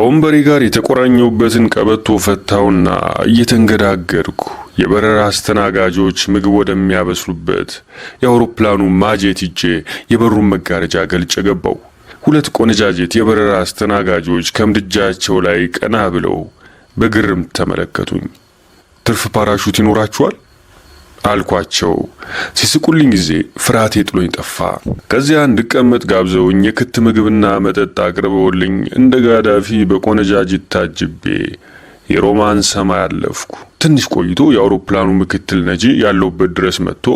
ከወንበሬ ጋር የተቆራኘውበትን ቀበቶ ፈታውና እየተንገዳገድኩ የበረራ አስተናጋጆች ምግብ ወደሚያበስሉበት የአውሮፕላኑ ማጀት ይዤ የበሩን መጋረጃ ገልጬ ገባው። ሁለት ቆነጃጀት የበረራ አስተናጋጆች ከምድጃቸው ላይ ቀና ብለው በግርም ተመለከቱኝ። ትርፍ ፓራሹት ይኖራችኋል? አልኳቸው። ሲስቁልኝ ጊዜ ፍርሃቴ ጥሎኝ ጠፋ። ከዚያ እንድቀመጥ ጋብዘውኝ የክት ምግብና መጠጥ አቅርበውልኝ እንደ ጋዳፊ በቆነጃጅት ታጅቤ የሮማን ሰማይ አለፍኩ። ትንሽ ቆይቶ የአውሮፕላኑ ምክትል ነጂ ያለውበት ድረስ መጥቶ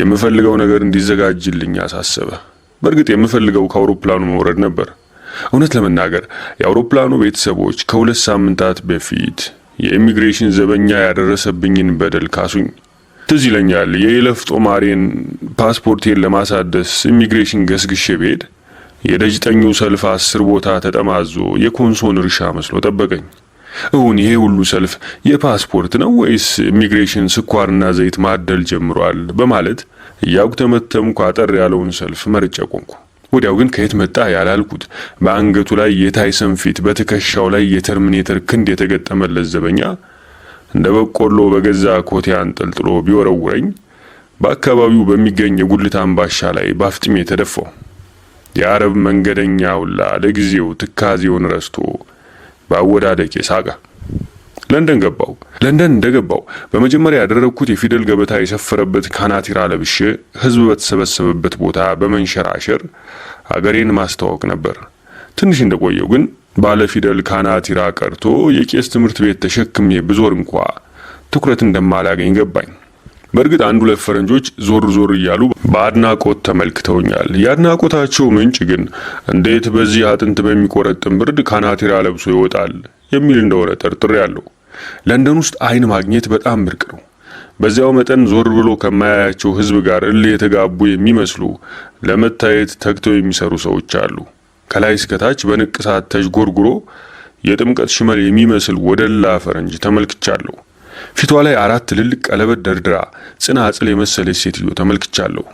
የምፈልገው ነገር እንዲዘጋጅልኝ አሳሰበ። በእርግጥ የምፈልገው ከአውሮፕላኑ መውረድ ነበር። እውነት ለመናገር የአውሮፕላኑ ቤተሰቦች ከሁለት ሳምንታት በፊት የኢሚግሬሽን ዘበኛ ያደረሰብኝን በደል ካሱኝ። ትዝ ይለኛል የይለፍ ጦማሬን ፓስፖርቴን ለማሳደስ ኢሚግሬሽን ገስግሼ ብሄድ የደጅጠኙ ሰልፍ አስር ቦታ ተጠማዞ የኮንሶን እርሻ መስሎ ጠበቀኝ። እሁን ይሄ ሁሉ ሰልፍ የፓስፖርት ነው ወይስ ኢሚግሬሽን ስኳርና ዘይት ማደል ጀምሯል? በማለት እያጉተመተምኩ አጠር ያለውን ሰልፍ መርጬ ቆምኩ። ወዲያው ግን ከየት መጣ ያላልኩት በአንገቱ ላይ የታይሰን ፊት፣ በትከሻው ላይ የተርሚኔተር ክንድ የተገጠመለት ዘበኛ እንደ በቆሎ በገዛ ኮቴ አንጠልጥሎ ቢወረውረኝ በአካባቢው በሚገኝ የጉልት አምባሻ ላይ ባፍጥሜ ተደፋው። የአረብ መንገደኛ ሁላ ለጊዜው ትካዜውን ረስቶ በአወዳደቄ ሳቀ። ለንደን ገባው። ለንደን እንደገባው በመጀመሪያ ያደረግኩት የፊደል ገበታ የሰፈረበት ካናቲራ ለብሼ ሕዝብ በተሰበሰበበት ቦታ በመንሸራሸር አገሬን ማስተዋወቅ ነበር። ትንሽ እንደቆየው ግን ባለፊደል ካናቲራ ቀርቶ የቄስ ትምህርት ቤት ተሸክሜ ብዞር እንኳ ትኩረት እንደማላገኝ ገባኝ። በእርግጥ አንድ ሁለት ፈረንጆች ዞር ዞር እያሉ በአድናቆት ተመልክተውኛል። የአድናቆታቸው ምንጭ ግን እንዴት በዚህ አጥንት በሚቆረጥም ብርድ ካናቲራ ለብሶ ይወጣል የሚል እንደሆነ ያለው። ለንደን ውስጥ አይን ማግኘት በጣም ብርቅ ነው። በዚያው መጠን ዞር ብሎ ከማያያቸው ህዝብ ጋር እልህ የተጋቡ የሚመስሉ ለመታየት ተግተው የሚሰሩ ሰዎች አሉ። ከላይ እስከታች በንቅሳት ተዥጎርጉሮ የጥምቀት ሽመል የሚመስል ወደላ ፈረንጅ ተመልክቻለሁ። ፊቷ ላይ አራት ትልልቅ ቀለበት ደርድራ ጽናጽል የመሰለች ሴትዮ ተመልክቻለሁ።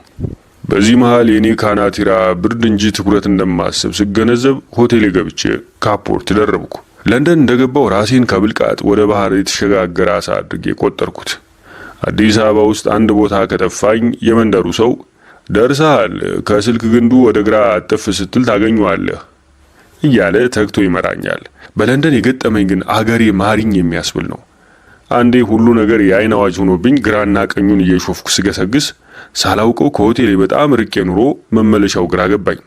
በዚህ መሃል የኔ ካናቲራ ብርድ እንጂ ትኩረት እንደማስብ ስገነዘብ ሆቴል ገብቼ ካፖርት ደረብኩ። ለንደን እንደገባው ራሴን ከብልቃጥ ወደ ባህር የተሸጋገረ አሳ አድርጌ ቆጠርኩት። አዲስ አበባ ውስጥ አንድ ቦታ ከጠፋኝ የመንደሩ ሰው ደርሰሃል፣ ከስልክ ግንዱ ወደ ግራ አጥፍ ስትል ታገኘዋለህ እያለ ተግቶ ይመራኛል። በለንደን የገጠመኝ ግን አገሬ ማሪኝ የሚያስብል ነው። አንዴ ሁሉ ነገር የአይን አዋጅ ሆኖብኝ ግራና ቀኙን እየሾፍኩ ስገሰግስ ሳላውቀው ከሆቴሌ በጣም ርቄ ኑሮ መመለሻው ግራ ገባኝ።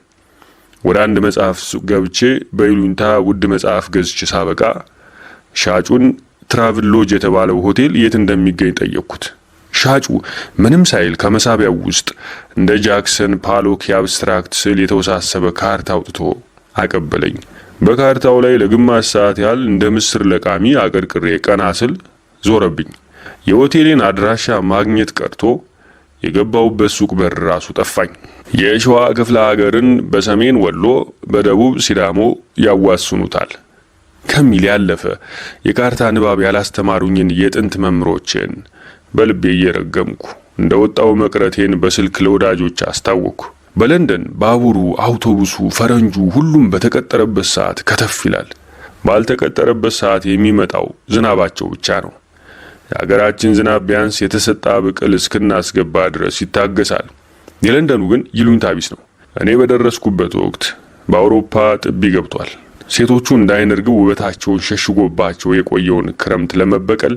ወደ አንድ መጽሐፍ ገብቼ በይሉኝታ ውድ መጽሐፍ ገዝች ሳበቃ ሻጩን ትራቭል ሎጅ የተባለው ሆቴል የት እንደሚገኝ ጠየቅኩት። ሻጩ ምንም ሳይል ከመሳቢያው ውስጥ እንደ ጃክሰን ፓሎክ የአብስትራክት ስዕል የተወሳሰበ ካርታ አውጥቶ አቀበለኝ። በካርታው ላይ ለግማሽ ሰዓት ያህል እንደ ምስር ለቃሚ አቅርቅሬ ቀና ስል ዞረብኝ። የሆቴሌን አድራሻ ማግኘት ቀርቶ የገባውበት ሱቅ በር ራሱ ጠፋኝ። የሸዋ ክፍለ ሀገርን በሰሜን ወሎ፣ በደቡብ ሲዳሞ ያዋስኑታል ከሚል ያለፈ የካርታ ንባብ ያላስተማሩኝን የጥንት መምሮችን በልቤ እየረገምኩ እንደ ወጣው መቅረቴን በስልክ ለወዳጆች አስታወቅኩ። በለንደን ባቡሩ፣ አውቶቡሱ፣ ፈረንጁ ሁሉም በተቀጠረበት ሰዓት ከተፍ ይላል። ባልተቀጠረበት ሰዓት የሚመጣው ዝናባቸው ብቻ ነው። የሀገራችን ዝናብ ቢያንስ የተሰጣ ብቅል እስክናስገባ ድረስ ይታገሳል። የለንደኑ ግን ይሉኝታ ቢስ ነው። እኔ በደረስኩበት ወቅት በአውሮፓ ጥቢ ገብቷል። ሴቶቹ እንዳይነርግ ርግብ ውበታቸውን ሸሽጎባቸው የቆየውን ክረምት ለመበቀል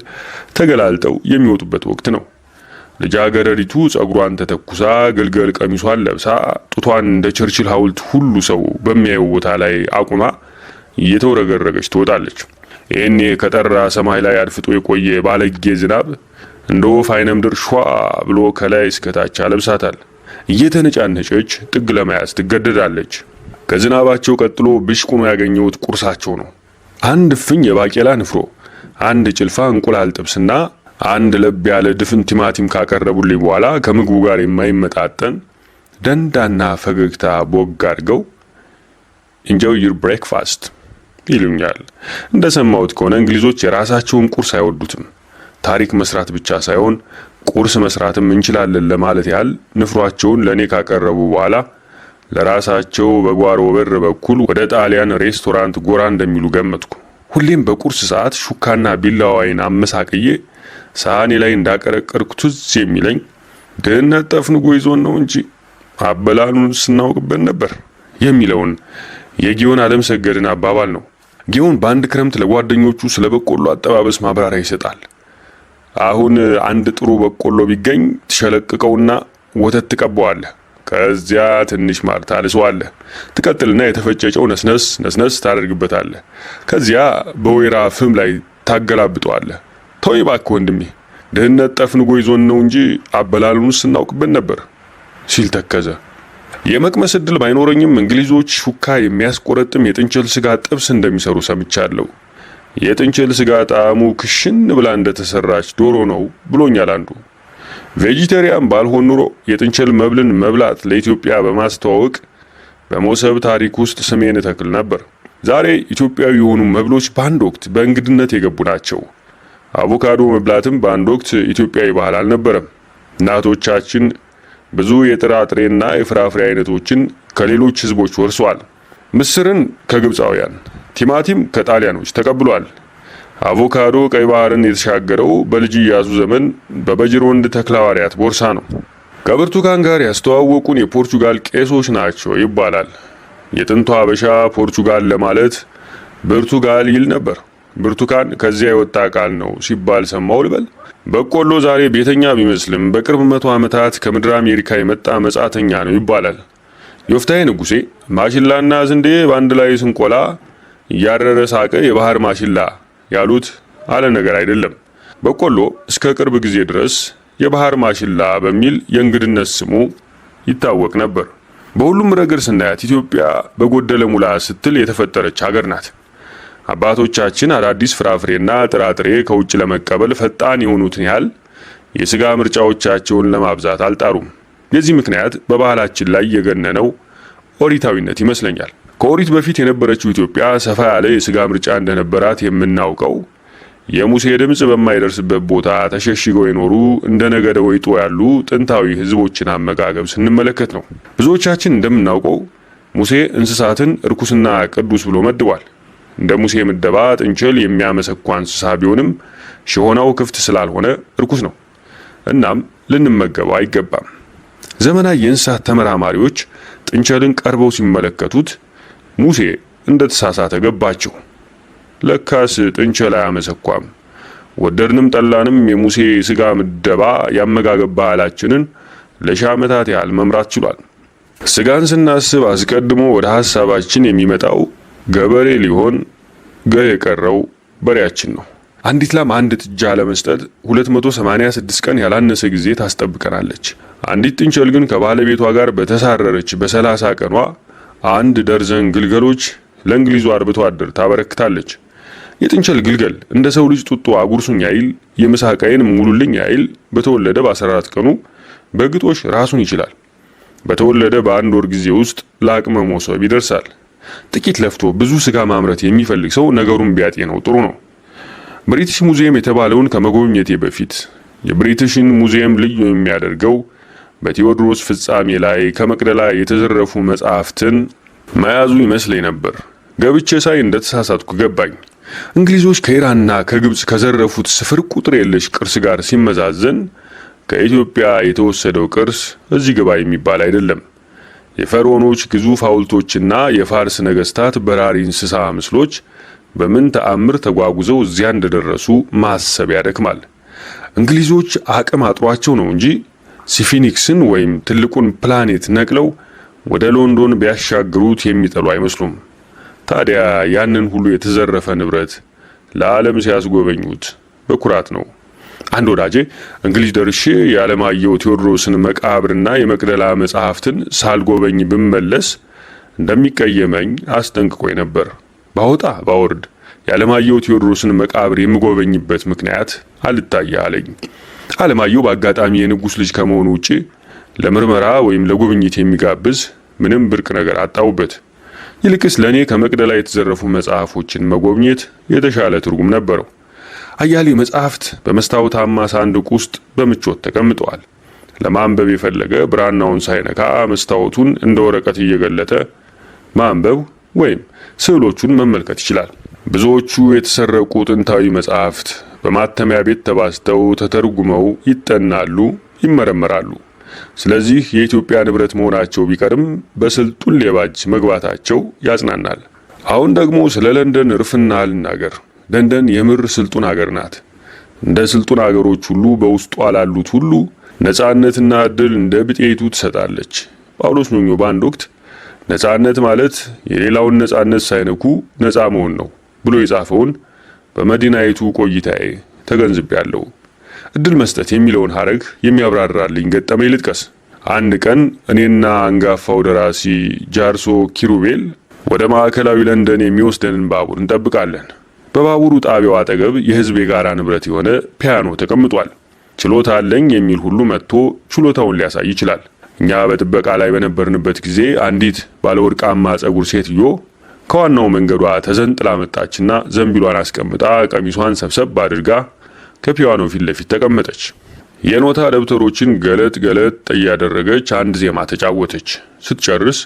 ተገላልጠው የሚወጡበት ወቅት ነው። ልጃገረሪቱ ጸጉሯን ተተኩሳ ግልገል ቀሚሷን ለብሳ ጡቷን እንደ ቸርችል ሐውልት ሁሉ ሰው በሚያየው ቦታ ላይ አቁማ እየተውረገረገች ትወጣለች። ይህኔ ከጠራ ሰማይ ላይ አድፍጦ የቆየ ባለጌ ዝናብ እንደ ወፍ አይነምድር ሿ ብሎ ከላይ እስከታች አለብሳታል። እየተነጫነጨች ጥግ ለመያዝ ትገደዳለች። ከዝናባቸው ቀጥሎ ብሽቁ ነው ያገኘሁት ቁርሳቸው ነው። አንድ ፍኝ የባቄላ ንፍሮ፣ አንድ ጭልፋ እንቁላል ጥብስና አንድ ለብ ያለ ድፍን ቲማቲም ካቀረቡልኝ በኋላ ከምግቡ ጋር የማይመጣጠን ደንዳና ፈገግታ ቦግ አድርገው ኢንጆይ ዩር ብሬክፋስት ይሉኛል። እንደሰማሁት ከሆነ እንግሊዞች የራሳቸውን ቁርስ አይወዱትም። ታሪክ መስራት ብቻ ሳይሆን ቁርስ መስራትም እንችላለን ለማለት ያህል ንፍሯቸውን ለእኔ ካቀረቡ በኋላ ለራሳቸው በጓሮ በር በኩል ወደ ጣሊያን ሬስቶራንት ጎራ እንደሚሉ ገመትኩ። ሁሌም በቁርስ ሰዓት ሹካና ቢላዋይን አመሳቅዬ ሳህኔ ላይ እንዳቀረቀርኩ ትዝ የሚለኝ ድህነት ጠፍንጎ ይዞን ነው እንጂ አበላሉን ስናውቅበት ነበር የሚለውን የጊዮን አለምሰገድን አባባል ነው። ጊዮን በአንድ ክረምት ለጓደኞቹ ስለ በቆሎ አጠባበስ ማብራሪያ ይሰጣል። አሁን አንድ ጥሩ በቆሎ ቢገኝ ትሸለቅቀውና ወተት ትቀበዋለህ። ከዚያ ትንሽ ማር ታልሰዋለህ። ትቀጥልና የተፈጨጨው ነስነስ ነስነስ ታደርግበታለህ። ከዚያ በወይራ ፍም ላይ ታገላብጠዋለህ። ተወይ እባክህ ወንድሜ፣ ድህነት ጠፍንጎ ይዞን ነው እንጂ አበላሉን ስናውቅበት ነበር ሲል ተከዘ። የመቅመስ እድል ባይኖረኝም እንግሊዞች ሹካ የሚያስቆረጥም የጥንቸል ስጋ ጥብስ እንደሚሰሩ ሰምቻለሁ። የጥንቸል ስጋ ጣዕሙ ክሽን ብላ እንደተሰራች ዶሮ ነው ብሎኛል አንዱ። ቬጂቴሪያን ባልሆን ኑሮ የጥንቸል መብልን መብላት ለኢትዮጵያ በማስተዋወቅ በመሶብ ታሪክ ውስጥ ስሜን እተክል ነበር። ዛሬ ኢትዮጵያዊ የሆኑ መብሎች በአንድ ወቅት በእንግድነት የገቡ ናቸው። አቮካዶ መብላትም በአንድ ወቅት ኢትዮጵያዊ ባህል አልነበረም። እናቶቻችን ብዙ የጥራጥሬና የፍራፍሬ አይነቶችን ከሌሎች ህዝቦች ወርሰዋል። ምስርን ከግብፃውያን፣ ቲማቲም ከጣሊያኖች ተቀብሏል። አቮካዶ ቀይ ባህርን የተሻገረው በልጅ ኢያሱ ዘመን በበጅሮንድ ተክላዋሪያት ቦርሳ ነው። ከብርቱካን ጋር ያስተዋወቁን የፖርቹጋል ቄሶች ናቸው ይባላል። የጥንቷ አበሻ ፖርቹጋል ለማለት ብርቱጋል ይል ነበር። ብርቱካን ከዚያ የወጣ ቃል ነው ሲባል ሰማው ልበል። በቆሎ ዛሬ ቤተኛ ቢመስልም በቅርብ መቶ ዓመታት ከምድር አሜሪካ የመጣ መጻተኛ ነው ይባላል። ዮፍታሔ ንጉሴ ማሽላና ስንዴ በአንድ ላይ ስንቆላ እያረረ ሳቀ የባህር ማሽላ ያሉት አለ ነገር አይደለም። በቆሎ እስከ ቅርብ ጊዜ ድረስ የባህር ማሽላ በሚል የእንግድነት ስሙ ይታወቅ ነበር። በሁሉም ረገድ ስናያት ኢትዮጵያ በጎደለ ሙላ ስትል የተፈጠረች ሀገር ናት። አባቶቻችን አዳዲስ ፍራፍሬና ጥራጥሬ ከውጭ ለመቀበል ፈጣን የሆኑትን ያህል የስጋ ምርጫዎቻቸውን ለማብዛት አልጣሩም። የዚህ ምክንያት በባህላችን ላይ የገነነው ኦሪታዊነት ይመስለኛል። ከኦሪት በፊት የነበረችው ኢትዮጵያ ሰፋ ያለ የስጋ ምርጫ እንደነበራት የምናውቀው የሙሴ ድምፅ በማይደርስበት ቦታ ተሸሽገው የኖሩ እንደ ነገደ ወይጦ ያሉ ጥንታዊ ህዝቦችን አመጋገብ ስንመለከት ነው። ብዙዎቻችን እንደምናውቀው ሙሴ እንስሳትን እርኩስና ቅዱስ ብሎ መድቧል። እንደ ሙሴ ምደባ ጥንቸል የሚያመሰኳ እንስሳ ቢሆንም ሽሆናው ክፍት ስላልሆነ እርኩስ ነው። እናም ልንመገበው አይገባም። ዘመናዊ የእንስሳት ተመራማሪዎች ጥንቸልን ቀርበው ሲመለከቱት ሙሴ እንደ ተሳሳተ ገባቸው። ለካስ ጥንቸል አያመሰኳም። ወደድንም ጠላንም የሙሴ ስጋ ምደባ ያመጋገብ ባህላችንን ለሺ ዓመታት ያህል መምራት ችሏል። ስጋን ስናስብ አስቀድሞ ወደ ሀሳባችን የሚመጣው ገበሬ ሊሆን ገር የቀረው በሬያችን ነው። አንዲት ላም አንድ ጥጃ ለመስጠት 286 ቀን ያላነሰ ጊዜ ታስጠብቀናለች። አንዲት ጥንቸል ግን ከባለቤቷ ጋር በተሳረረች በሰላሳ ቀኗ አንድ ደርዘን ግልገሎች ለእንግሊዙ አርብቶ አደር ታበረክታለች። የጥንቸል ግልገል እንደ ሰው ልጅ ጡጦ አጉርሱኝ አይል፣ የምሳ ዕቃዬን ሙሉልኝ አይል። በተወለደ በ14 ቀኑ በግጦሽ ራሱን ይችላል። በተወለደ በአንድ ወር ጊዜ ውስጥ ለአቅመ መሶብ ይደርሳል። ጥቂት ለፍቶ ብዙ ስጋ ማምረት የሚፈልግ ሰው ነገሩን ቢያጤ ነው ጥሩ ነው። ብሪቲሽ ሙዚየም የተባለውን ከመጎብኘቴ በፊት የብሪቲሽን ሙዚየም ልዩ የሚያደርገው በቴዎድሮስ ፍጻሜ ላይ ከመቅደላ የተዘረፉ መጻሕፍትን መያዙ ይመስለኝ ነበር። ገብቼ ሳይ እንደተሳሳትኩ ገባኝ። እንግሊዞች ከኢራንና ከግብፅ ከዘረፉት ስፍር ቁጥር የለሽ ቅርስ ጋር ሲመዛዘን ከኢትዮጵያ የተወሰደው ቅርስ እዚህ ግባ የሚባል አይደለም። የፈርዖኖች ግዙፍ ሐውልቶችና የፋርስ ነገሥታት በራሪ እንስሳ ምስሎች በምን ተአምር ተጓጉዘው እዚያ እንደደረሱ ማሰብ ያደክማል። እንግሊዞች አቅም አጥሯቸው ነው እንጂ ሲፊኒክስን ወይም ትልቁን ፕላኔት ነቅለው ወደ ሎንዶን ቢያሻግሩት የሚጠሉ አይመስሉም። ታዲያ ያንን ሁሉ የተዘረፈ ንብረት ለዓለም ሲያስጎበኙት በኩራት ነው። አንድ ወዳጄ እንግሊዝ ደርሼ የዓለማየሁ ቴዎድሮስን መቃብርና የመቅደላ መጽሐፍትን ሳልጎበኝ ብመለስ እንደሚቀየመኝ አስጠንቅቆኝ ነበር። ባወጣ ባወርድ የዓለማየሁ ቴዎድሮስን መቃብር የምጎበኝበት ምክንያት አልታየ አለኝ። አለማየሁ በአጋጣሚ የንጉስ ልጅ ከመሆኑ ውጪ ለምርመራ ወይም ለጉብኝት የሚጋብዝ ምንም ብርቅ ነገር አጣውበት። ይልቅስ ለእኔ ከመቅደላ የተዘረፉ መጽሐፎችን መጎብኘት የተሻለ ትርጉም ነበረው። አያሌ መጽሐፍት በመስታወታማ ሳንዱቅ ውስጥ በምቾት ተቀምጠዋል። ለማንበብ የፈለገ ብራናውን ሳይነካ መስታወቱን እንደ ወረቀት እየገለጠ ማንበብ ወይም ስዕሎቹን መመልከት ይችላል። ብዙዎቹ የተሰረቁ ጥንታዊ መጻሕፍት በማተሚያ ቤት ተባዝተው ተተርጉመው ይጠናሉ፣ ይመረመራሉ። ስለዚህ የኢትዮጵያ ንብረት መሆናቸው ቢቀርም በስልጡን ሌባ እጅ መግባታቸው ያጽናናል። አሁን ደግሞ ስለ ለንደን እርፍና ልናገር። ለንደን የምር ስልጡን ሀገር ናት። እንደ ስልጡን አገሮች ሁሉ በውስጧ ላሉት ሁሉ ነጻነትና እድል እንደ ብጤቱ ትሰጣለች። ጳውሎስ ኞኞ በአንድ ወቅት ነጻነት ማለት የሌላውን ነጻነት ሳይነኩ ነጻ መሆን ነው ብሎ የጻፈውን በመዲናይቱ ቆይታዬ ተገንዝቤያለሁ። እድል መስጠት የሚለውን ሀረግ የሚያብራራልኝ ገጠመኝ ልጥቀስ። አንድ ቀን እኔና አንጋፋው ደራሲ ጃርሶ ኪሩቤል ወደ ማዕከላዊ ለንደን የሚወስደንን ባቡር እንጠብቃለን። በባቡሩ ጣቢያው አጠገብ የሕዝብ የጋራ ንብረት የሆነ ፒያኖ ተቀምጧል። ችሎታ አለኝ የሚል ሁሉ መጥቶ ችሎታውን ሊያሳይ ይችላል። እኛ በጥበቃ ላይ በነበርንበት ጊዜ አንዲት ባለወርቃማ ጸጉር ሴትዮ ከዋናው መንገዷ ተዘንጥላ መጣችና ዘንቢሏን አስቀምጣ ቀሚሷን ሰብሰብ አድርጋ ከፒያኖ ፊት ለፊት ተቀመጠች። የኖታ ደብተሮችን ገለጥ ገለጥ እያደረገች አንድ ዜማ ተጫወተች። ስትጨርስ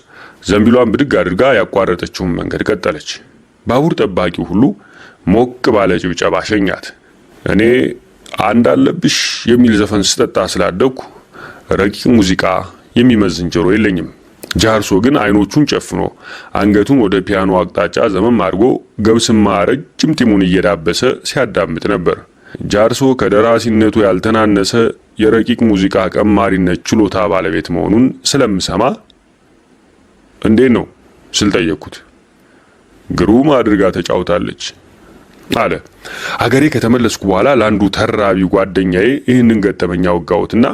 ዘንቢሏን ብድግ አድርጋ ያቋረጠችውን መንገድ ቀጠለች። ባቡር ጠባቂው ሁሉ ሞቅ ባለ ጭብጨባ ሸኛት። እኔ አንድ አለብሽ የሚል ዘፈን ስጠጣ ስላደግኩ ረቂቅ ሙዚቃ የሚመዝን ጆሮ የለኝም። ጃርሶ ግን አይኖቹን ጨፍኖ አንገቱን ወደ ፒያኖ አቅጣጫ ዘመም አድርጎ ገብስማ ረጅም ጢሙን እየዳበሰ ሲያዳምጥ ነበር። ጃርሶ ከደራሲነቱ ያልተናነሰ የረቂቅ ሙዚቃ ቀማሪነት ችሎታ ባለቤት መሆኑን ስለምሰማ እንዴት ነው ስል ጠየቅኩት። ግሩም አድርጋ ተጫውታለች አለ። አገሬ ከተመለስኩ በኋላ ለአንዱ ተራቢ ጓደኛዬ ይህንን ገጠመኛ አወጋሁትና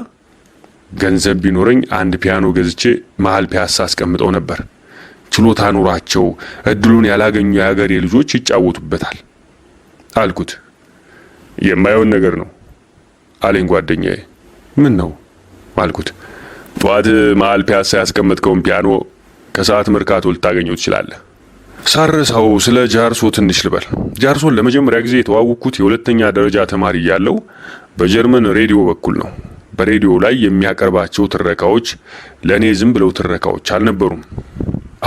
ገንዘብ ቢኖረኝ አንድ ፒያኖ ገዝቼ መሀል ፒያሳ አስቀምጠው ነበር። ችሎታ ኑሯቸው እድሉን ያላገኙ የአገሬ ልጆች ይጫወቱበታል አልኩት። የማየውን ነገር ነው አለኝ ጓደኛዬ። ምን ነው አልኩት። ጠዋት መሀል ፒያሳ ያስቀመጥከውን ፒያኖ ከሰዓት መርካቶ ልታገኘው ትችላለህ። ሳረሳው ስለ ጃርሶ ትንሽ ልበል። ጃርሶን ለመጀመሪያ ጊዜ የተዋወቅኩት የሁለተኛ ደረጃ ተማሪ እያለሁ በጀርመን ሬዲዮ በኩል ነው። በሬዲዮ ላይ የሚያቀርባቸው ትረካዎች ለእኔ ዝም ብለው ትረካዎች አልነበሩም።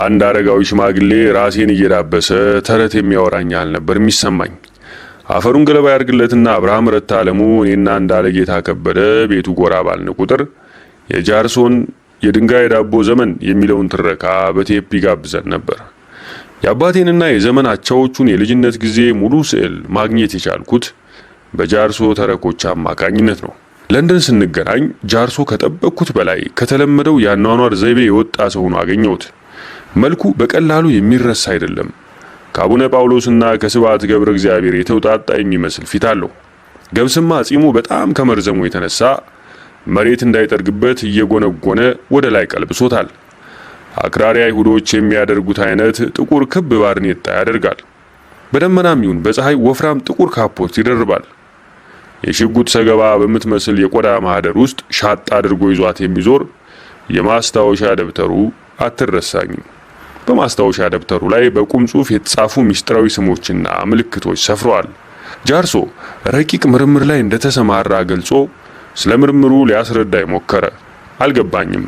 አንድ አረጋዊ ሽማግሌ ራሴን እየዳበሰ ተረት የሚያወራኝ አልነበር የሚሰማኝ። አፈሩን ገለባ ያድርግለትና አብርሃም ረታ አለሙ እኔና እንዳለጌታ ከበደ ቤቱ ጎራ ባልን ቁጥር የጃርሶን የድንጋይ ዳቦ ዘመን የሚለውን ትረካ በቴፕ ይጋብዘን ነበር። የአባቴንና የዘመን አቻዎቹን የልጅነት ጊዜ ሙሉ ስዕል ማግኘት የቻልኩት በጃርሶ ተረኮች አማካኝነት ነው። ለንደን ስንገናኝ ጃርሶ ከጠበቅኩት በላይ ከተለመደው የአኗኗር ዘይቤ የወጣ ሰው ሆኖ አገኘሁት። መልኩ በቀላሉ የሚረሳ አይደለም። ከአቡነ ጳውሎስና ከስብዓት ገብረ እግዚአብሔር የተውጣጣ የሚመስል ፊት አለው። ገብስማ ጺሙ በጣም ከመርዘሙ የተነሳ መሬት እንዳይጠርግበት እየጎነጎነ ወደ ላይ ቀልብሶታል። አክራሪ አይሁዶች የሚያደርጉት አይነት ጥቁር ክብ ባርኔጣ ያደርጋል። በደመናም ይሁን በፀሐይ ወፍራም ጥቁር ካፖርት ይደርባል። የሽጉጥ ሰገባ በምትመስል የቆዳ ማህደር ውስጥ ሻጥ አድርጎ ይዟት የሚዞር የማስታወሻ ደብተሩ አትረሳኝም። በማስታወሻ ደብተሩ ላይ በቁም ጽሑፍ የተጻፉ ምስጢራዊ ስሞችና ምልክቶች ሰፍረዋል። ጃርሶ ረቂቅ ምርምር ላይ እንደተሰማራ ገልጾ ስለ ምርምሩ ሊያስረዳ ሞከረ። አልገባኝም።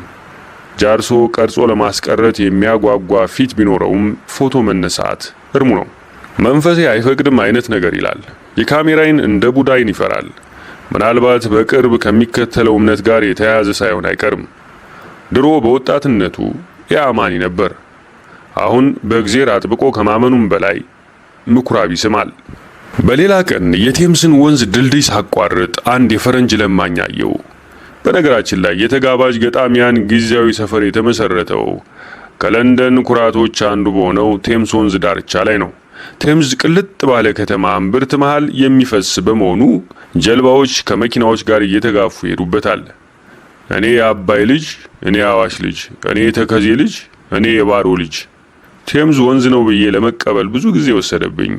ጃርሶ ቀርጾ ለማስቀረት የሚያጓጓ ፊት ቢኖረውም ፎቶ መነሳት እርሙ ነው። መንፈሴ አይፈቅድም አይነት ነገር ይላል። የካሜራይን እንደ ቡዳይን ይፈራል። ምናልባት በቅርብ ከሚከተለው እምነት ጋር የተያያዘ ሳይሆን አይቀርም። ድሮ በወጣትነቱ የአማኒ ነበር። አሁን በእግዜር አጥብቆ ከማመኑም በላይ ምኩራብ ይስማል። በሌላ ቀን የቴምስን ወንዝ ድልድይ ሳቋርጥ አንድ የፈረንጅ ለማኝ አየው። በነገራችን ላይ የተጋባዥ ገጣሚያን ጊዜያዊ ሰፈር የተመሰረተው ከለንደን ኩራቶች አንዱ በሆነው ቴምስ ወንዝ ዳርቻ ላይ ነው። ቴምዝ ቅልጥ ባለ ከተማ እምብርት መሃል የሚፈስ በመሆኑ ጀልባዎች ከመኪናዎች ጋር እየተጋፉ ይሄዱበታል። እኔ የአባይ ልጅ፣ እኔ የአዋሽ ልጅ፣ እኔ የተከዜ ልጅ፣ እኔ የባሮ ልጅ። ቴምዝ ወንዝ ነው ብዬ ለመቀበል ብዙ ጊዜ ወሰደብኝ።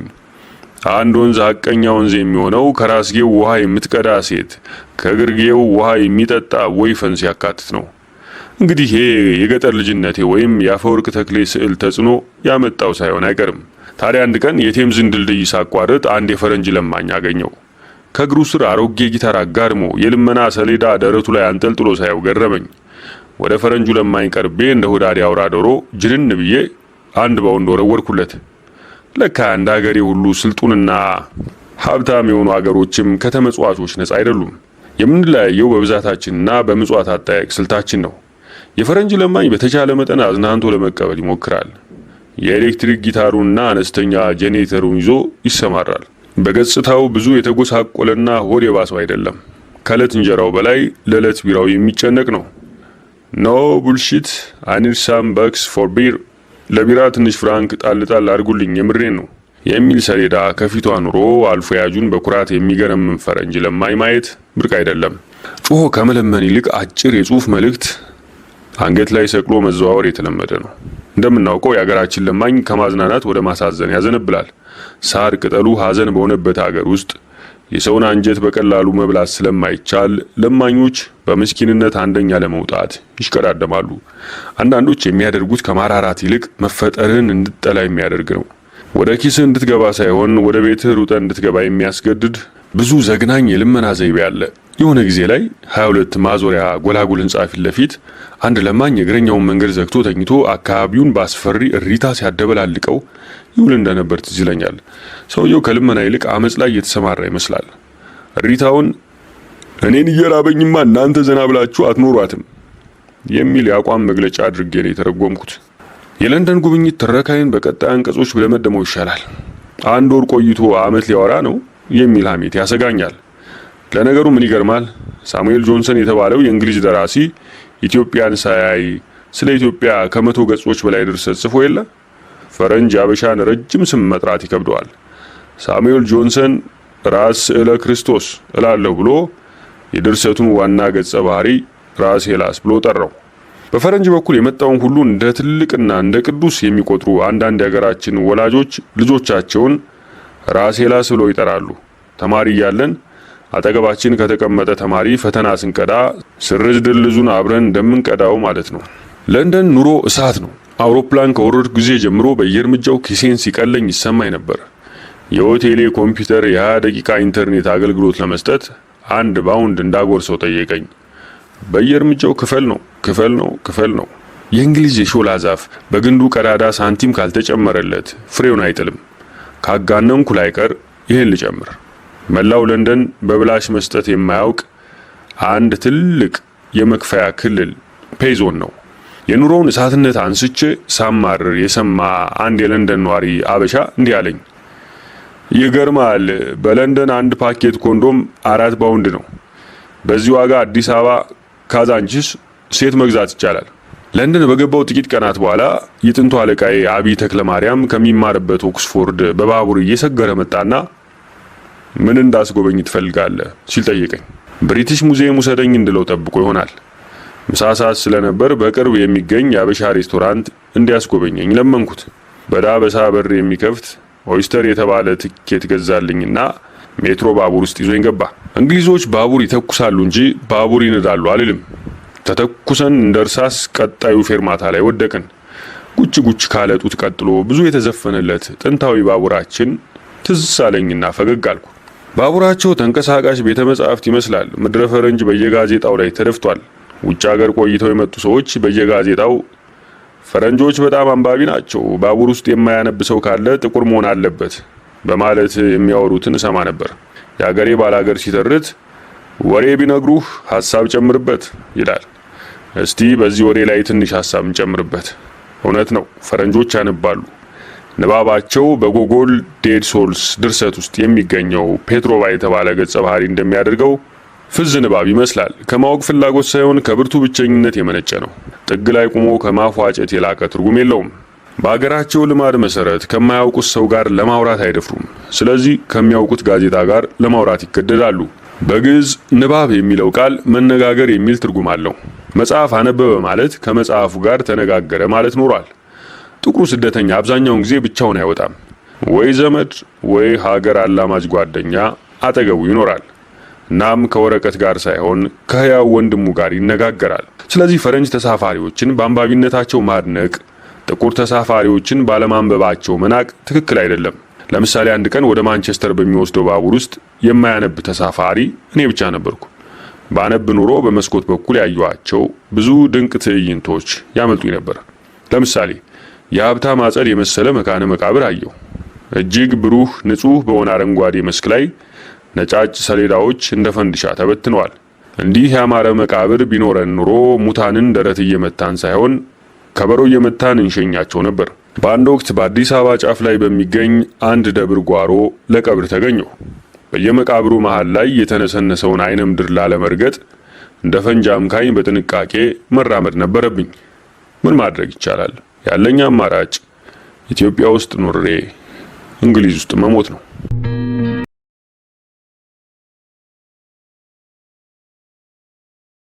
አንድ ወንዝ ሀቀኛ ወንዝ የሚሆነው ከራስጌው ውሃ የምትቀዳ ሴት ከግርጌው ውሃ የሚጠጣ ወይፈን ሲያካትት ነው። እንግዲህ ይሄ የገጠር ልጅነቴ ወይም የአፈወርቅ ተክሌ ስዕል ተጽዕኖ ያመጣው ሳይሆን አይቀርም። ታዲያ አንድ ቀን የቴምዝን ድልድይ ሳቋርጥ አንድ የፈረንጅ ለማኝ አገኘው። ከእግሩ ስር አሮጌ ጊታር አጋድሞ የልመና ሰሌዳ ደረቱ ላይ አንጠልጥሎ ሳየው ገረመኝ። ወደ ፈረንጁ ለማኝ ቀርቤ እንደ ሆዳዴ አውራ ዶሮ ጅንን ብዬ አንድ በወንድ ወረወርኩለት። ለካ እንደ አገሬ ሁሉ ስልጡንና ሀብታም የሆኑ አገሮችም ከተመጽዋቾች ነጻ አይደሉም። የምንለያየው በብዛታችንና በምጽዋት አጠያየቅ ስልታችን ነው። የፈረንጅ ለማኝ በተቻለ መጠን አዝናንቶ ለመቀበል ይሞክራል። የኤሌክትሪክ ጊታሩንና አነስተኛ ጄኔሬተሩን ይዞ ይሰማራል። በገጽታው ብዙ የተጎሳቆለና ሆድ የባሰው አይደለም። ከእለት እንጀራው በላይ ለዕለት ቢራው የሚጨነቅ ነው። ኖ ቡልሺት አኒርሳም በክስ ፎር ቢር ለቢራ ትንሽ ፍራንክ ጣልጣል አድርጉልኝ የምሬን ነው የሚል ሰሌዳ ከፊቷ ኑሮ አልፎ ያጁን በኩራት የሚገረምን ፈረንጅ ለማይ ማየት ብርቅ አይደለም። ጮሆ ከመለመን ይልቅ አጭር የጽሑፍ መልእክት አንገት ላይ ሰቅሎ መዘዋወር የተለመደ ነው። እንደምናውቀው የሀገራችን ለማኝ ከማዝናናት ወደ ማሳዘን ያዘነብላል። ሳር ቅጠሉ ሀዘን በሆነበት ሀገር ውስጥ የሰውን አንጀት በቀላሉ መብላት ስለማይቻል ለማኞች በምስኪንነት አንደኛ ለመውጣት ይሽቀዳደማሉ። አንዳንዶች የሚያደርጉት ከማራራት ይልቅ መፈጠርህን እንድጠላ የሚያደርግ ነው። ወደ ኪስህ እንድትገባ ሳይሆን ወደ ቤትህ ሩጠ እንድትገባ የሚያስገድድ ብዙ ዘግናኝ የልመና ዘይቤ አለ። የሆነ ጊዜ ላይ 22 ማዞሪያ ጎላጉል ህንፃ ፊት ለፊት አንድ ለማኝ የእግረኛውን መንገድ ዘግቶ ተኝቶ አካባቢውን በአስፈሪ እሪታ ሲያደበላልቀው ይውል እንደነበር ትዝ ይለኛል። ሰውየው ከልመና ይልቅ አመፅ ላይ እየተሰማራ ይመስላል። እሪታውን እኔን እየራበኝማ እናንተ ዘና ብላችሁ አትኖሯትም የሚል የአቋም መግለጫ አድርጌ ነው የተረጎምኩት። የለንደን ጉብኝት ትረካይን በቀጣይ አንቀጾች ለመደመው ይሻላል። አንድ ወር ቆይቶ አመት ሊያወራ ነው። የሚል ሐሜት ያሰጋኛል። ለነገሩ ምን ይገርማል፣ ሳሙኤል ጆንሰን የተባለው የእንግሊዝ ደራሲ ኢትዮጵያን ሳያይ ስለ ኢትዮጵያ ከመቶ ገጾች በላይ ድርሰት ጽፎ የለ። ፈረንጅ አበሻን ረጅም ስም መጥራት ይከብደዋል። ሳሙኤል ጆንሰን ራስ ስዕለ ክርስቶስ እላለሁ ብሎ የድርሰቱን ዋና ገጸ ባህሪ ራስ ሄላስ ብሎ ጠራው። በፈረንጅ በኩል የመጣውን ሁሉ እንደ ትልቅና እንደ ቅዱስ የሚቆጥሩ አንዳንድ የሀገራችን ወላጆች ልጆቻቸውን ራሴላስ ብሎ ይጠራሉ። ተማሪ እያለን አጠገባችን ከተቀመጠ ተማሪ ፈተና ስንቀዳ ስርዝ ድልዙን አብረን እንደምንቀዳው ማለት ነው። ለንደን ኑሮ እሳት ነው። አውሮፕላን ከወረድኩ ጊዜ ጀምሮ በየእርምጃው ኪሴን ሲቀለኝ ይሰማኝ ነበር። የሆቴሌ ኮምፒውተር የ20 ደቂቃ ኢንተርኔት አገልግሎት ለመስጠት አንድ ባውንድ እንዳጎርሰው ጠየቀኝ። በየእርምጃው ክፈል ነው ክፈል ነው ክፈል ነው። የእንግሊዝ የሾላ ዛፍ በግንዱ ቀዳዳ ሳንቲም ካልተጨመረለት ፍሬውን አይጥልም። ካጋነንኩ ላይቀር ይህን ልጨምር። መላው ለንደን በብላሽ መስጠት የማያውቅ አንድ ትልቅ የመክፈያ ክልል ፔይዞን ነው። የኑሮውን እሳትነት አንስቼ ሳማርር የሰማ አንድ የለንደን ነዋሪ አበሻ እንዲህ አለኝ። ይገርማል፣ በለንደን አንድ ፓኬት ኮንዶም አራት ባውንድ ነው። በዚህ ዋጋ አዲስ አበባ ካዛንቺስ ሴት መግዛት ይቻላል። ለንደን በገባው ጥቂት ቀናት በኋላ የጥንቱ አለቃዬ አብይ ተክለ ማርያም ከሚማርበት ኦክስፎርድ በባቡር እየሰገረ መጣና ምን እንዳስጎበኝ ትፈልጋለህ ሲል ጠየቀኝ። ብሪቲሽ ሙዚየም ውሰደኝ እንድለው ጠብቆ ይሆናል። ምሳ ሰዓት ስለነበር በቅርብ የሚገኝ የአበሻ ሬስቶራንት እንዲያስጎበኘኝ ለመንኩት። በዳበሳ በር የሚከፍት ኦይስተር የተባለ ትኬት ገዛልኝና ሜትሮ ባቡር ውስጥ ይዞኝ ገባ። እንግሊዞች ባቡር ይተኩሳሉ እንጂ ባቡር ይነዳሉ አልልም። ተተኩሰን እንደ እርሳስ ቀጣዩ ፌርማታ ላይ ወደቅን። ጉች ጉች ካለ ጡት ቀጥሎ ብዙ የተዘፈነለት ጥንታዊ ባቡራችን ትዝ አለኝና ፈገግ አልኩ። ባቡራቸው ተንቀሳቃሽ ቤተ መጻሕፍት ይመስላል። ምድረ ፈረንጅ በየጋዜጣው ላይ ተደፍቷል። ውጭ ሀገር ቆይተው የመጡ ሰዎች በየጋዜጣው ፈረንጆች በጣም አንባቢ ናቸው፣ ባቡር ውስጥ የማያነብ ሰው ካለ ጥቁር መሆን አለበት በማለት የሚያወሩትን እሰማ ነበር። የአገሬ ባላገር ሲተርት ወሬ ቢነግሩህ ሀሳብ ጨምርበት ይላል። እስቲ በዚህ ወሬ ላይ ትንሽ ሀሳብ እንጨምርበት። እውነት ነው ፈረንጆች ያነባሉ። ንባባቸው በጎጎል ዴድ ሶልስ ድርሰት ውስጥ የሚገኘው ፔትሮቫ የተባለ ገጸ ባህሪ እንደሚያደርገው ፍዝ ንባብ ይመስላል። ከማወቅ ፍላጎት ሳይሆን ከብርቱ ብቸኝነት የመነጨ ነው። ጥግ ላይ ቆሞ ከማፏጨት የላቀ ትርጉም የለውም። በአገራቸው ልማድ መሰረት ከማያውቁት ሰው ጋር ለማውራት አይደፍሩም። ስለዚህ ከሚያውቁት ጋዜጣ ጋር ለማውራት ይገደዳሉ። በግዕዝ ንባብ የሚለው ቃል መነጋገር የሚል ትርጉም አለው። መጽሐፍ አነበበ ማለት ከመጽሐፉ ጋር ተነጋገረ ማለት ኖሯል። ጥቁሩ ስደተኛ አብዛኛውን ጊዜ ብቻውን አይወጣም። ወይ ዘመድ ወይ ሀገር አላማጅ ጓደኛ አጠገቡ ይኖራል። እናም ከወረቀት ጋር ሳይሆን ከህያው ወንድሙ ጋር ይነጋገራል። ስለዚህ ፈረንጅ ተሳፋሪዎችን በአንባቢነታቸው ማድነቅ፣ ጥቁር ተሳፋሪዎችን ባለማንበባቸው መናቅ ትክክል አይደለም። ለምሳሌ አንድ ቀን ወደ ማንቸስተር በሚወስደው ባቡር ውስጥ የማያነብ ተሳፋሪ እኔ ብቻ ነበርኩ። ባነብ ኑሮ በመስኮት በኩል ያዩዋቸው ብዙ ድንቅ ትዕይንቶች ያመልጡኝ ነበር። ለምሳሌ የሀብታም አጸድ የመሰለ መካነ መቃብር አየሁ። እጅግ ብሩህ ንጹህ በሆነ አረንጓዴ መስክ ላይ ነጫጭ ሰሌዳዎች እንደ ፈንዲሻ ተበትነዋል። እንዲህ ያማረ መቃብር ቢኖረን ኑሮ ሙታንን ደረት እየመታን ሳይሆን ከበሮ እየመታን እንሸኛቸው ነበር። በአንድ ወቅት በአዲስ አበባ ጫፍ ላይ በሚገኝ አንድ ደብር ጓሮ ለቀብር ተገኘሁ። በየመቃብሩ መሃል ላይ የተነሰነሰውን አይነ ምድር ላለመርገጥ እንደ ፈንጂ አምካኝ በጥንቃቄ መራመድ ነበረብኝ። ምን ማድረግ ይቻላል? ያለኝ አማራጭ ኢትዮጵያ ውስጥ ኑሬ እንግሊዝ ውስጥ መሞት ነው።